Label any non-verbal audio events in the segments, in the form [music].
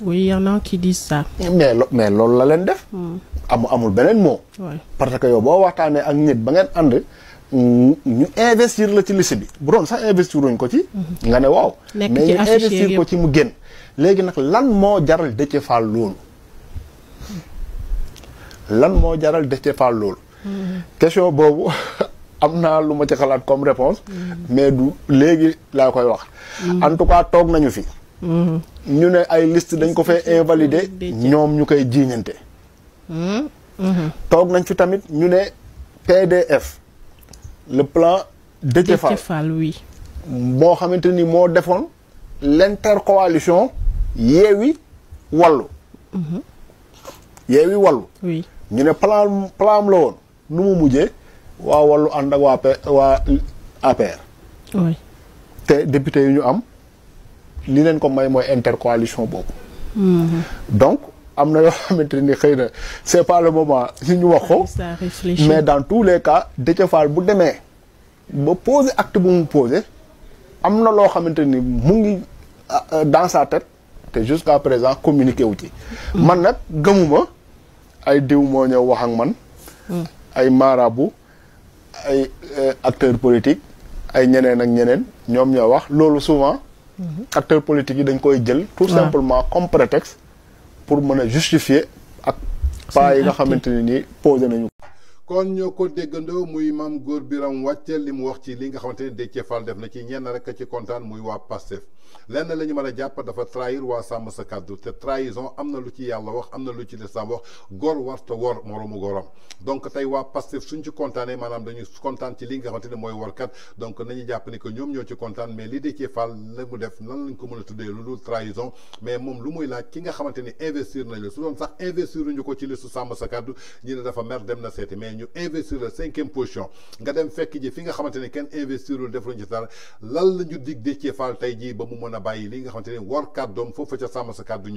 oui il y en a qui disent ça. mais mais la def. Hmm. amul mot. parce que si vous dire ak nit ba ngeen ñu investir le bi bu hmm. mais investir ko ci mu lan jaral Fall lan jaral Fall hmm. question [laughs] ci comme réponse mais du la koy wax. en tout cas ñu ne ay liste dañ ko fay invalider ñoom ñu koy jiiñante toog nañ fi tamit ñu ne pdf le plan Déthié Fall moo xamante ni moo defoon l'intercoalition yeewi wàllu yeewi wàllu ñu ne plan plan la woon nu mu mujjee waa wàllu ànd ak waa waa APR te député yi ñu am li len ko may moy intercoalition mhm. donc ce n'est c'est pas le moment mais dans tous les cas dès Fall bu démé ba poser acte bu mu poser amna lo mu ah, euh, dans sa tête jusqu'à présent communiqué mhm. man nak gëmuma ay diw mo wax ak man. Mhm. ay marabu ay euh, acteurs politiques ay ñeneen ak souvent. Mm-hmm. acteur politiques yi dañ koy jël. tout simplement comme prétexte pour mën a justifier ak. pas yi nga xamante ne nii posé nañu kon ñoo ko déggandoo muy maam góor biram wàcce li mu wax ci li nga xamante ne Déthié Fall def na ci ñenn rek ci kontaan muy waa Pastef lenn la ñu mën a jàpp dafa trahir waa sàmm sa kàddu te trahison am na lu ci yàlla wax am na lu ci lislaam wax góor warta wor moroomu góoram donc tey waa Pastef suñ ci kontaanee maanaam dañu kontaan ci li nga xamante ne mooy warkat donc nañu jàpp ni que ñoom ñoo ci kontaan mais li Déthié Fall la mu def a tuddee lu dul trahison mais moom lu muy laaj ki nga xamante ni investir nañ la su doon sax ñu ko ci listu sàmm sa kàddu ñi ne dafa mer dem na seeti mais yi ñu investir la cinquième position nga dem fekk ji fi nga xamante ne kenn investirul defuñu ci dara lan la ñu jii ba mu mën a bàyyi li nga xamante ne war kàddoom foofu ca sàmm sa kàddu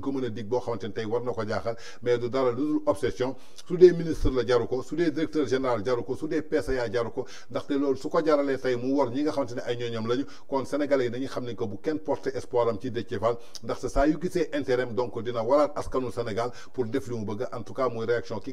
ko mën a dig boo xamante ne tey war na ko jaaxal mais du dara lu dul obsession su dee ministre la jaru ko su dee directeur général jaru ko su dee PCA jaru ko ndaxte loolu su ko jaralee tey mu war ñi nga xamante ay ñooñam lañu kon sénégalais yi dañuy xam ne ko bu kenn porté espoir am ci Déthié Fall ndaxte saa yu gisee intérêt donc dina waraat askanu Sénégal pour def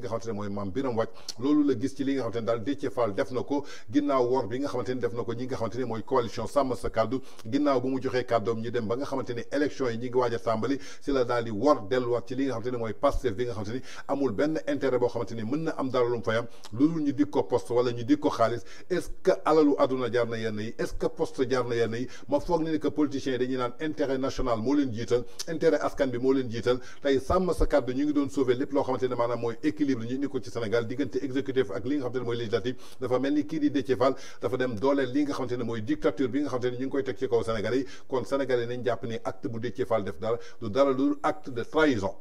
nga xamante mooy maam Biram Wàcc loolu la gis ci li nga xamante daal Déthié Fall def na ko ginnaaw woor bi nga xamante def na ko ñi nga xamante mooy coalition sàmm sa kàddu ginnaaw bu mu joxee kàddoom ñu dem ba nga xamante élection yi ñi ngi waaj tàmbali si la daal di wor delluwaat ci li nga xamante ne mooy Pastef bi nga xamante amul benn intérêt boo xamante mën na am dara lu loolu ñu dig ko poste wala ñu dig ko xaalis est-ce ngir ñu indi ko ci Sénégal diggante exécutif ak li nga xamante ne mooy législatif dafa mel ni kii di Déthié Fall dafa dem dooleel li nga xamante ne mooy dictature bi nga xamante ne ñu ngi koy teg ci kaw Sénégalais kon Sénégalais nañ jàpp ni acte bu Déthié Fall def dara du dara lu acte de trahison.